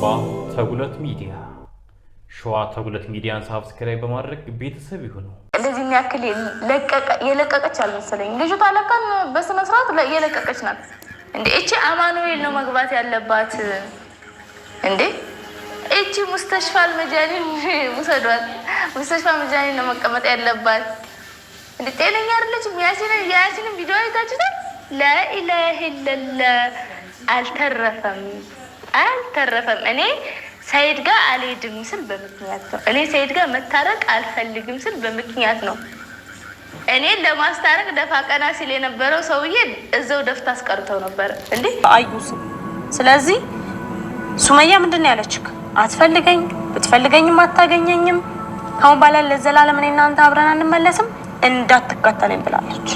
አባ ተጉለት ሚዲያ ሸዋ ተጉለት ሚዲያን ሳብስክራይብ በማድረግ ቤተሰብ ይሁኑ። እንደዚህ የሚያክል የለቀቀች አልመሰለኝ ልጅቷ። ለካም በስነ ስርዓት የለቀቀች ናት እንዴ! እቺ አማኑኤል ነው መግባት ያለባት እንዴ! እቺ ሙስተሽፋ አልመጃኒን ውሰዷት። ሙስተሽፋ መጃኒን ነው መቀመጥ ያለባት እንዴ! ጤነኛ አይደለችም። ያሲንን ያሲንን ቪዲዮ አይታችሁታል? ላኢላህ ኢለላህ አልተረፈም። አልተረፈም። እኔ ሰይድ ጋር አልሄድም ስል በምክንያት ነው። እኔ ሰይድ ጋር መታረቅ አልፈልግም ስል በምክንያት ነው። እኔን ለማስታረቅ ደፋ ቀና ሲል የነበረው ሰውዬ እዛው ደፍታ አስቀርተው ነበር እንዴ አዩስ። ስለዚህ ሱመያ ምንድን ነው ያለችክ? አትፈልገኝ፣ ብትፈልገኝም አታገኘኝም። ካሁን ባላ ለዘላለም እኔ እናንተ አብረን አንመለስም እንዳትከተለኝ ብላለች።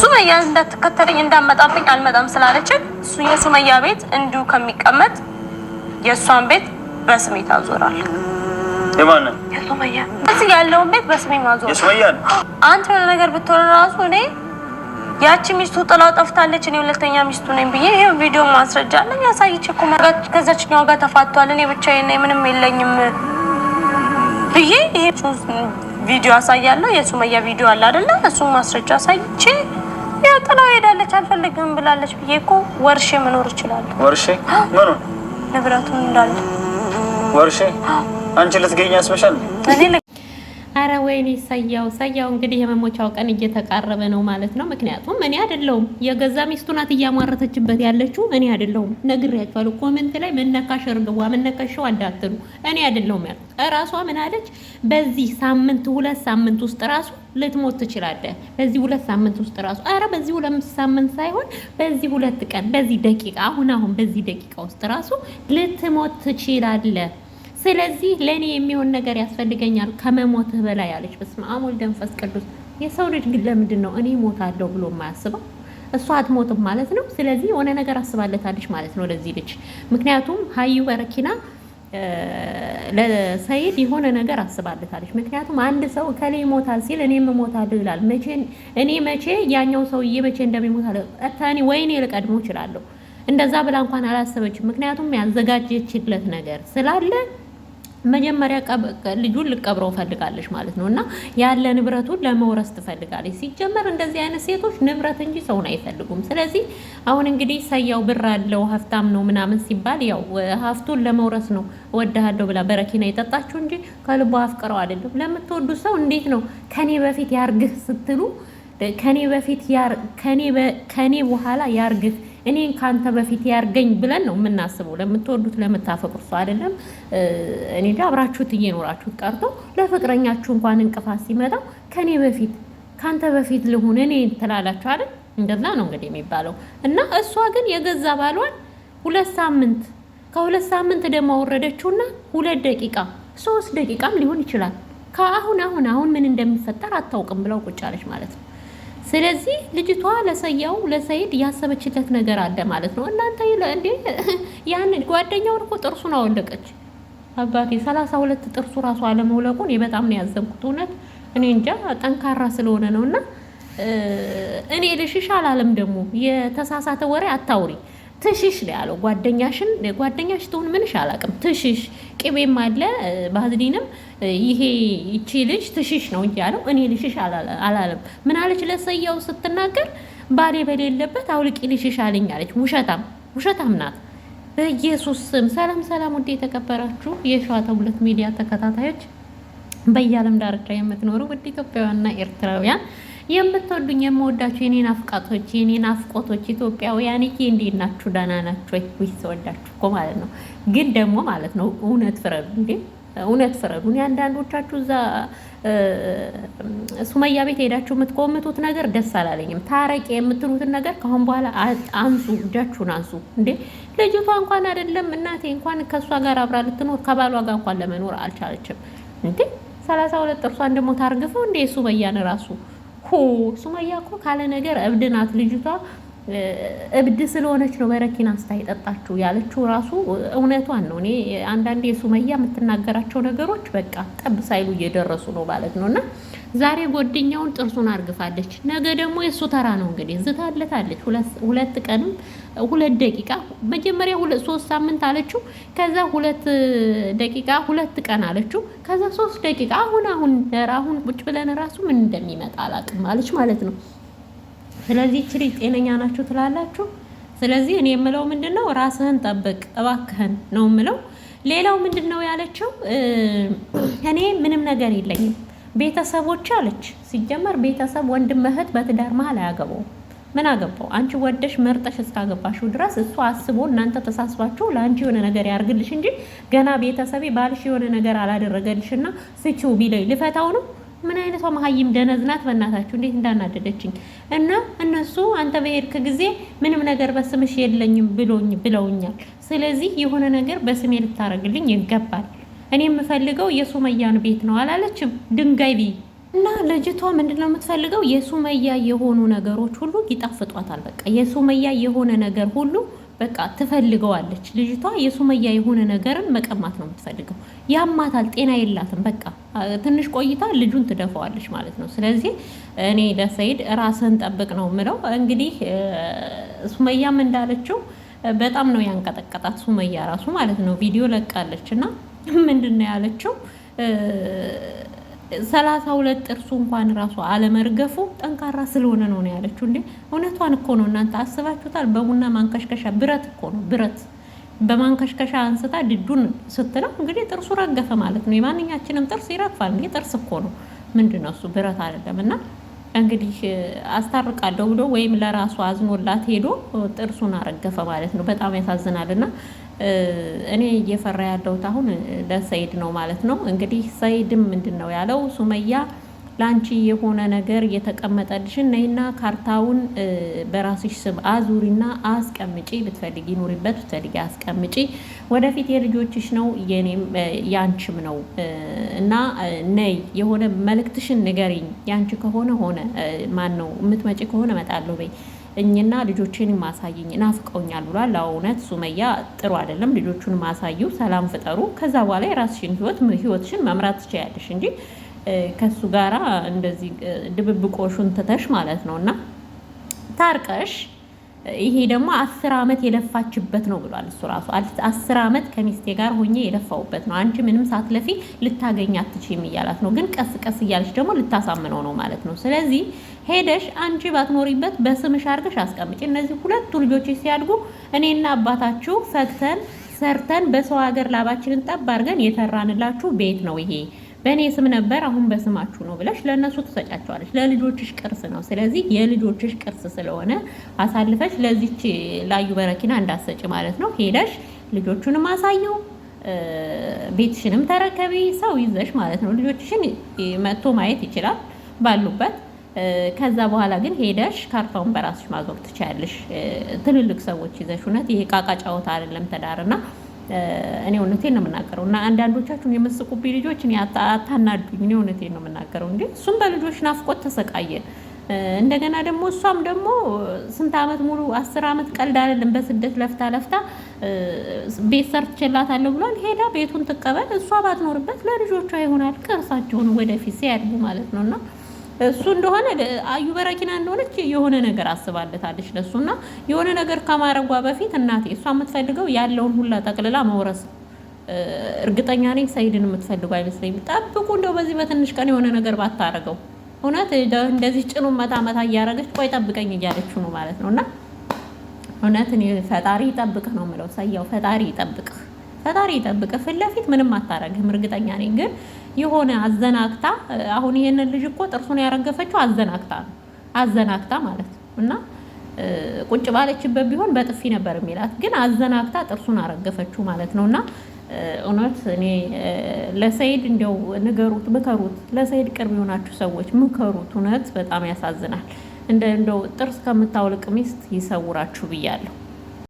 ሱመያ እንዳትከተለኝ እንዳመጣብኝ አልመጣም ስላለች እሱ የሱመያ ቤት እንዲሁ ከሚቀመጥ የእሷን ቤት በስሜ ታዞራል። የማንን የሱመያ እዚህ ያለውን ቤት በስሜ ማዞር የሱመያ አንተ የሆነ ነገር ብትሆን ራሱ እኔ ያቺ ሚስቱ ጥላው ጠፍታለች፣ እኔ ሁለተኛ ሚስቱ ነኝ ብዬ ይሄው ቪዲዮ ማስረጃ አለኝ አሳይቼ እኮ ማጋት ከዛችኛው ጋር ተፋቷል፣ እኔ ብቻዬን ነኝ ምንም የለኝም ብዬ ይሄ ቪዲዮ አሳያለሁ። የሱመያ ቪዲዮ አለ አይደለ? እሱ ማስረጃ አሳይቼ ያው ጥላው ሄዳለች አልፈልግም ብላለች ብዬ እኮ ወርሼ መኖር እችላለሁ። ወርሼ ንብረቱን እንዳለ ወርሼ አንቺ ልትገኝ ያስበሻል። አረ ወይኔ ሰያው ሰያው፣ እንግዲህ የመሞቻው ቀን እየተቃረበ ነው ማለት ነው። ምክንያቱም እኔ አይደለሁም የገዛ ሚስቱ ናት እያሟረተችበት ያለችው እኔ አይደለሁም። ነግሬያቸዋለሁ። ኮሜንት ላይ መነካሽ እርግቧ መነካሽው እንዳትሉ እኔ አይደለሁም እራሷ ምን አለች? በዚህ ሳምንት ሁለት ሳምንት ውስጥ ራሱ ልትሞት ትችላለህ። በዚህ ሁለት ሳምንት ውስጥ ራሱ አረ በዚህ ሁለት ሳምንት ሳይሆን በዚህ ሁለት ቀን፣ በዚህ ደቂቃ፣ አሁን አሁን በዚህ ደቂቃ ውስጥ ራሱ ልትሞት ትችላለህ። ስለዚህ ለእኔ የሚሆን ነገር ያስፈልገኛል ከመሞትህ በላይ አለች። በስመ አብ ወልድ መንፈስ ቅዱስ። የሰው ልጅ ግን ለምንድን ነው እኔ እሞታለሁ ብሎ የማያስበው? እሷ አትሞትም ማለት ነው። ስለዚህ የሆነ ነገር አስባለታለች ማለት ነው ለዚህ ልጅ ምክንያቱም ሀዩ በረኪና ለሰይድ የሆነ ነገር አስባለታለች። ምክንያቱም አንድ ሰው ከሌ ይሞታል ሲል እኔም እሞታለሁ ይላል። እኔ መቼ ያኛው ሰውዬ መቼ እንደሚሞታል እኔ ወይኔ ልቀድሞ እችላለሁ። እንደዛ ብላ እንኳን አላሰበችም። ምክንያቱም ያዘጋጀችለት ነገር ስላለ መጀመሪያ ልጁን ልቀብረው ፈልጋለች ማለት ነው። እና ያለ ንብረቱን ለመውረስ ትፈልጋለች። ሲጀመር እንደዚህ አይነት ሴቶች ንብረት እንጂ ሰውን አይፈልጉም። ስለዚህ አሁን እንግዲህ ሰያው ብር አለው ሀብታም ነው ምናምን ሲባል ያው ሀብቱን ለመውረስ ነው እወድሃለሁ ብላ በረኪና የጠጣችው እንጂ ከልቦ አፍቅረው አይደለም። ለምትወዱ ሰው እንዴት ነው ከኔ በፊት ያርግህ ስትሉ ከኔ በፊት ከኔ በኋላ ያርግህ እኔን ከአንተ በፊት ያርገኝ ብለን ነው የምናስበው። ለምትወዱት ለምታፈቅሩት ሰው አይደለም። እኔ አብራችሁት እየኖራችሁት ቀርቶ ለፍቅረኛችሁ እንኳን እንቅፋት ሲመጣ ከኔ በፊት ከአንተ በፊት ልሁን እኔ ትላላችሁ አይደል? እንደዛ ነው እንግዲህ የሚባለው። እና እሷ ግን የገዛ ባሏን ሁለት ሳምንት ከሁለት ሳምንት ደግሞ አወረደችውና ሁለት ደቂቃ ሶስት ደቂቃም ሊሆን ይችላል ከአሁን አሁን አሁን ምን እንደሚፈጠር አታውቅም ብለው ቁጭ አለች ማለት ነው። ስለዚህ ልጅቷ ለሰያው ለሰይድ ያሰበችለት ነገር አለ ማለት ነው። እናንተ እንዴ ያንን ጓደኛውን እኮ ጥርሱን አወለቀች። አባቴ ሰላሳ ሁለት ጥርሱ ራሱ አለመውለቁን በጣም ነው ያዘንኩት። እውነት እኔ እንጃ ጠንካራ ስለሆነ ነው። እና እኔ ልሽሽ አላለም ደግሞ የተሳሳተ ወሬ አታውሪ። ትሽሽ ነው ያለው። ጓደኛሽን ጓደኛሽ ትሆን ምንሽ አላውቅም። ትሽሽ ቅቤም አለ ባህዝሊንም ይሄ ይቺ ልጅ ትሽሽ ነው እንጂ እኔ ልሽሽ አላለም። ምናለች ለሰያው ስትናገር ባሌ በሌለበት አውልቂ ልሽሽ አለኝ አለች። ውሸታም ውሸታም ናት። በኢየሱስ ስም ሰላም ሰላም፣ ውዴ የተከበራችሁ የሸዋ ሁለት ሚዲያ ተከታታዮች በየዓለም ዳርቻ የምትኖሩ ውድ ኢትዮጵያውያንና ኤርትራውያን የምትወዱኝ የምወዳችሁ የኔ ናፍቃቶች የኔ ናፍቆቶች ኢትዮጵያውያን እንዴት ናችሁ? ደህና ናችሁ ወይ? ውይ ተወዳችሁ እኮ ማለት ነው። ግን ደግሞ ማለት ነው እውነት ፍረዱ እንዴ! እውነት ፍረዱ። እኔ አንዳንዶቻችሁ እዛ ሱመያ ቤት ሄዳችሁ የምትቆምቱት ነገር ደስ አላለኝም። ታረቂ የምትሉትን ነገር ከአሁን በኋላ አንሱ፣ እጃችሁን አንሱ። እንዴ ልጅቷ እንኳን አይደለም እናቴ እንኳን ከእሷ ጋር አብራ ልትኖር ከባሏ ጋር እንኳን ለመኖር አልቻለችም። እንዴ ሰላሳ ሁለት ጥርሷን ደግሞ ታርግፈው እንዴ ሱመያን ራሱ ሱመያ እኮ ካለ ነገር እብድ ናት ልጅቷ። እብድ ስለሆነች ነው በረኪና አንስታ የጠጣችው ያለችው ራሱ እውነቷን ነው። እኔ አንዳንዴ ሱመያ የምትናገራቸው ነገሮች በቃ ጠብ ሳይሉ እየደረሱ ነው ማለት ነው እና ዛሬ ጓደኛውን ጥርሱን አርግፋለች። ነገ ደግሞ የእሱ ተራ ነው እንግዲህ ዝታለታለች። ሁለት ቀንም ሁለት ደቂቃ መጀመሪያ ሶስት ሳምንት አለችው። ከዛ ሁለት ደቂቃ ሁለት ቀን አለችው። ከዛ ሶስት ደቂቃ አሁን አሁን አሁን ቁጭ ብለን ራሱ ምን እንደሚመጣ አላቅም አለች ማለት ነው። ስለዚህ ችሪ ጤነኛ ናችሁ ትላላችሁ። ስለዚህ እኔ የምለው ምንድን ነው ራስህን ጠብቅ እባክህን ነው የምለው። ሌላው ምንድን ነው ያለችው እኔ ምንም ነገር የለኝም ቤተሰቦች አለች። ሲጀመር ቤተሰብ ወንድም እህት በትዳር መሀል አያገባው። ምን አገባው? አንቺ ወደሽ መርጠሽ እስካገባሽው ድረስ እሱ አስቦ እናንተ ተሳስባችሁ ለአንቺ የሆነ ነገር ያርግልሽ እንጂ ገና ቤተሰቤ ባልሽ የሆነ ነገር አላደረገልሽና ስችው ቢለኝ ልፈታው ነው። ምን አይነቷ መሀይም ደነዝናት! በእናታችሁ እንዴት እንዳናደደችኝ እና እነሱ አንተ በሄድክ ጊዜ ምንም ነገር በስምሽ የለኝም ብሎኝ ብለውኛል። ስለዚህ የሆነ ነገር በስሜ ልታረግልኝ ይገባል። እኔ የምፈልገው የሱመያን ቤት ነው አላለችም? ድንጋይ ብይ እና ልጅቷ ምንድን ነው የምትፈልገው? የሱመያ የሆኑ ነገሮች ሁሉ ይጣፍጧታል። በቃ የሱመያ የሆነ ነገር ሁሉ በቃ ትፈልገዋለች። ልጅቷ የሱመያ የሆነ ነገርን መቀማት ነው የምትፈልገው። ያማታል፣ ጤና የላትም። በቃ ትንሽ ቆይታ ልጁን ትደፋዋለች ማለት ነው። ስለዚህ እኔ ለሰይድ ራስህን ጠብቅ ነው ምለው። እንግዲህ ሱመያም እንዳለችው በጣም ነው ያንቀጠቀጣት ሱመያ ራሱ ማለት ነው። ቪዲዮ ለቃለች እና ምንድን ነው ያለችው? ሰላሳ ሁለት ጥርሱ እንኳን ራሱ አለመርገፉ ጠንካራ ስለሆነ ነው ነው ያለችው። እንዴ እውነቷን እኮ ነው። እናንተ አስባችሁታል? በቡና ማንከሽከሻ ብረት እኮ ነው ብረት በማንከሽከሻ አንስታ ድዱን ስትለው እንግዲህ ጥርሱ ረገፈ ማለት ነው። የማንኛችንም ጥርስ ይረግፋል። እንዴ ጥርስ እኮ ነው። ምንድን ነው እሱ? ብረት አይደለም። እና እንግዲህ አስታርቃለሁ ብሎ ወይም ለራሱ አዝኖላት ሄዶ ጥርሱን አረገፈ ማለት ነው። በጣም ያሳዝናል እና እኔ እየፈራ ያለሁት አሁን ለሰይድ ነው ማለት ነው። እንግዲህ ሰይድም ምንድን ነው ያለው ሱመያ ለአንቺ የሆነ ነገር የተቀመጠልሽን ነይና ካርታውን በራስሽ ስም አዙሪና አስቀምጪ፣ ብትፈልጊ ኑሪበት፣ ብትፈልጊ አስቀምጪ። ወደፊት የልጆችሽ ነው የኔም ያንቺም ነው እና ነይ የሆነ መልእክትሽን ንገሪኝ። ያንቺ ከሆነ ሆነ ማን ነው የምትመጪ ከሆነ እመጣለሁ በይ እኝና ልጆችን ማሳየኝ ናፍቀውኛል ብሏል። እውነት ሱመያ ጥሩ አይደለም። ልጆቹን ማሳዩ፣ ሰላም ፍጠሩ። ከዛ በኋላ የራስሽን ህይወት ህይወትሽን መምራት ትችያለሽ እንጂ ከሱ ጋራ እንደዚህ ድብብቆሹን ትተሽ ማለት ነው እና ታርቀሽ ይሄ ደግሞ አስር ዓመት የለፋችበት ነው ብሏል። እሱ ራሱ አስር ዓመት ከሚስቴ ጋር ሆኜ የለፋውበት ነው። አንቺ ምንም ሳትለፊ ልታገኝ አትችም እያላት ነው። ግን ቀስ ቀስ እያለች ደግሞ ልታሳምነው ነው ማለት ነው። ስለዚህ ሄደሽ አንቺ ባትኖሪበት በስምሽ አድርገሽ አስቀምጪ። እነዚህ ሁለቱ ልጆች ሲያድጉ እኔና አባታችሁ ፈግተን ሰርተን በሰው ሀገር ላባችንን ጠብ አድርገን የተራንላችሁ ቤት ነው ይሄ በእኔ ስም ነበር፣ አሁን በስማችሁ ነው ብለሽ ለእነሱ ትሰጫቸዋለች። ለልጆችሽ ቅርስ ነው። ስለዚህ የልጆችሽ ቅርስ ስለሆነ አሳልፈሽ ለዚች ላዩ በረኪና እንዳሰጭ ማለት ነው። ሄደሽ ልጆቹንም አሳየው፣ ቤትሽንም ተረከቢ፣ ሰው ይዘሽ ማለት ነው። ልጆችሽን መጥቶ ማየት ይችላል ባሉበት ከዛ በኋላ ግን ሄደሽ ካርታውን በራስሽ ማዞር ትችያለሽ። ትልልቅ ሰዎች ይዘሽ እውነት ይሄ ቃቃ ጫወታ አይደለም ትዳርና እኔ እውነቴን ነው የምናገረው። እና አንዳንዶቻችሁን የምትስቁብኝ ልጆች እኔ አታናዱኝ። እኔ እውነቴን ነው የምናገረው። እንዲ እሱም በልጆች ናፍቆት ተሰቃየ። እንደገና ደግሞ እሷም ደግሞ ስንት ዓመት ሙሉ አስር ዓመት ቀልድ አይደለም በስደት ለፍታ ለፍታ ቤት ሰርቼላታለሁ ብሏል። ሄዳ ቤቱን ትቀበል እሷ ባትኖርበት ለልጆቿ ይሆናል። ቅርሳቸውን ወደፊት ሲያድጉ ማለት ነው እና እሱ እንደሆነ አዩ በረኪና እንደሆነች የሆነ ነገር አስባለታለች እና የሆነ ነገር ከማረጓ በፊት እናቴ እሷ የምትፈልገው ያለውን ሁላ ጠቅልላ መውረስ እርግጠኛ ነኝ ሰይድን የምትፈልገው አይመስለኝም። ጠብቁ እንደው በዚህ በትንሽ ቀን የሆነ ነገር ባታረገው እውነት እንደዚህ ጭኑ መታ መታ እያደረገች ቆይ ጠብቀኝ እያለች ነው ማለት ነው። እና እውነት ፈጣሪ ይጠብቅህ ነው የምለው። ሰያው ፈጣሪ ይጠብቅህ፣ ፈጣሪ ይጠብቅህ። ፊት ለፊት ምንም አታረግህም እርግጠኛ ነኝ ግን የሆነ አዘናግታ አሁን ይሄንን ልጅ እኮ ጥርሱን ያረገፈችው አዘናግታ ነው አዘናግታ ማለት ነው። እና ቁጭ ባለችበት ቢሆን በጥፊ ነበር የሚላት፣ ግን አዘናግታ ጥርሱን አረገፈችው ማለት ነው። እና እውነት እኔ ለሰይድ እንዲያው ንገሩት፣ ምከሩት። ለሰይድ ቅርብ የሆናችሁ ሰዎች ምከሩት። እውነት በጣም ያሳዝናል። እንደ እንደው ጥርስ ከምታውልቅ ሚስት ይሰውራችሁ ብያለሁ።